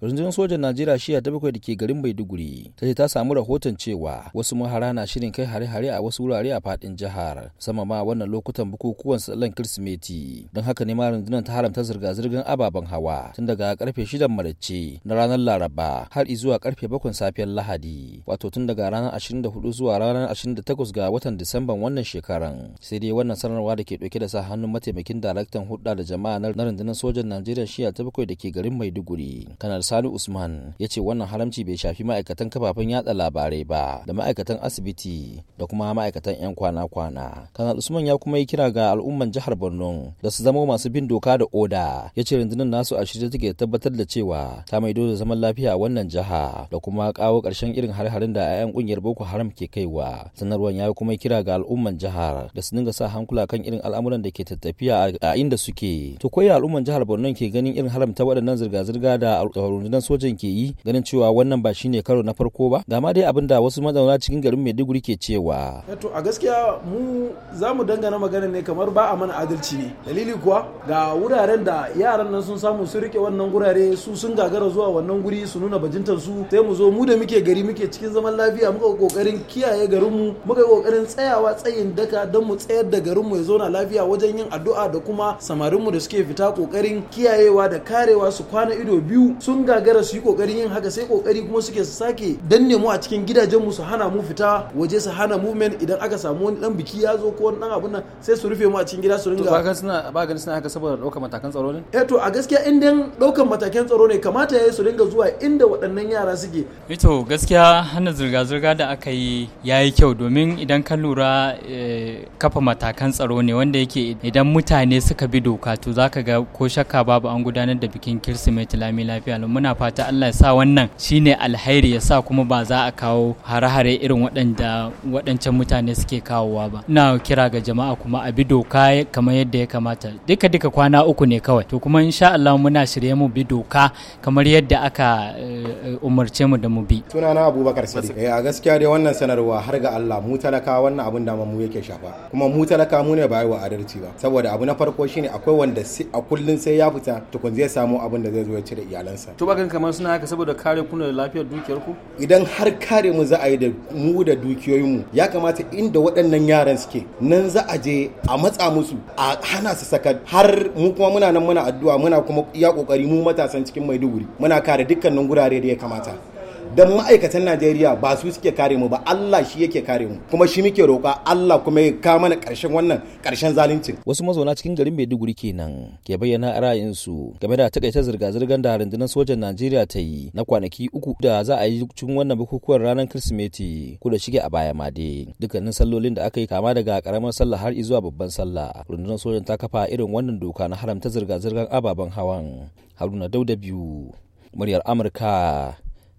rundunar sojan najeriya shiya ta bakwai da ke garin maiduguri ta ce ta samu rahoton cewa wasu mahara na shirin kai hare-hare a wasu wurare a fadin jihar sama ma wannan lokutan bukukuwan sallan kirsimeti don haka ne ma rundunar ta haramta zirga-zirgar ababen hawa tun daga karfe shidan marace na ranar laraba har zuwa karfe bakwai safiyar lahadi wato tun daga ranar 24 zuwa ranar 28 ga watan disamban wannan shekaran sai dai wannan sanarwa da ke dauke da sa hannun mataimakin daraktan hudda da jama'a na rundunar sojan najeriya shiya ta bakwai da ke garin maiduguri kanar Sani Usman ya ce wannan haramci bai shafi ma'aikatan kafafen yatsa labarai ba da ma'aikatan asibiti da kuma ma'aikatan 'yan kwana-kwana. Kanal Usman ya kuma yi kira ga al'umman jihar Borno da su zama masu bin doka da oda ya ce rundunar nasu a shirye take tabbatar da cewa ta maido da zaman lafiya a wannan jiha da kuma kawo karshen irin har-harin da 'ya'yan kungiyar Boko Haram ke kaiwa. Sanarwar ya kuma kira ga al'umman jihar da su dinga sa hankula kan irin al'amuran da ke tattafiya a inda suke. To koyi al'umman jihar Borno ke ganin irin haramta waɗannan zirga-zirga da rundunar sojan ke yi ganin cewa wannan ba shine karo na farko ba ga dai abin da wasu mazauna cikin garin maiduguri ke cewa eh to a gaskiya mu za mu dangana magana ne kamar ba a mana adalci ne dalili kuwa ga wuraren da yaran nan sun samu su rike wannan gurare su sun gagara zuwa wannan guri su nuna bajintar su sai mu zo mu da muke gari muke cikin zaman lafiya muka kokarin kiyaye garin mu muka kokarin tsayawa tsayin daka don mu tsayar da garin mu ya zauna lafiya wajen yin addu'a da kuma samarin mu da suke fita kokarin kiyayewa da karewa su kwana ido biyu sun gagara su yi kokarin yin haka sai kokari kuma suke su sake danne mu a cikin gidajen mu su hana mu fita waje su hana movement idan aka samu wani dan biki ya zo ko wani dan abun nan sai su rufe mu a cikin gida su ringa ba suna ba suna haka saboda daukar matakan tsaro ne eh to a gaskiya in dan daukar matakan tsaro ne kamata yayi su ringa zuwa inda waɗannan yara suke eh to gaskiya hana zirga zirga da aka yi yayi kyau domin idan ka lura eh, kafa matakan tsaro ne wanda yake idan mutane suka bi doka to zaka ga ko shakka babu an gudanar da bikin kirsimeti lami lafiya muna fata Allah ya sa wannan shine alhairi ya sa kuma ba za a kawo hare-hare irin waɗanda waɗancan mutane suke kawowa ba ina kira ga jama'a kuma a bi doka kamar yadda ya kamata duka duka kwana uku ne kawai to kuma insha Allah muna shirye mu bi doka kamar yadda aka eh, umarce mu da mu bi sunana Abubakar Sadiq eh, a gaskiya dai wannan sanarwa har ga Allah mu talaka wannan abun da mu yake shafa kuma mu talaka mu ne ba wa adalci ba saboda abu na farko shine akwai wanda a kullun sai ya fita tukun zai samu abin da zai zo ya cire iyalansa to ba ganin kamar suna haka saboda kare kuna da lafiyar dukiyar ku idan har kare mu za a yi da mu da dukiyoyinmu ya kamata inda waɗannan yaran suke nan za a je a matsa musu a hana su saka har mu kuma muna nan muna addu'a muna kuma iya kokari mu matasan cikin Maiduguri muna kare dukkanin gurare da ya kamata dan ma'aikatan Najeriya ba su suke kare mu ba Allah shi yake kare mu kuma shi muke roƙa Allah kuma ya ka mana ƙarshen wannan ƙarshen zalunci wasu mazauna cikin garin Maiduguri kenan ke bayyana ra'ayin su game da takaita zirga-zirgar da rundunar sojan Najeriya ta yi na kwanaki uku da za a yi cikin wannan bukukuwar ranar Kirsimeti ko da shige a baya ma dai dukkanin sallolin da aka yi kama daga karamar sallah har zuwa babban sallah rundunar sojan ta kafa irin wannan doka na haramta zirga-zirgar ababen hawan Haruna Dauda biyu muryar Amurka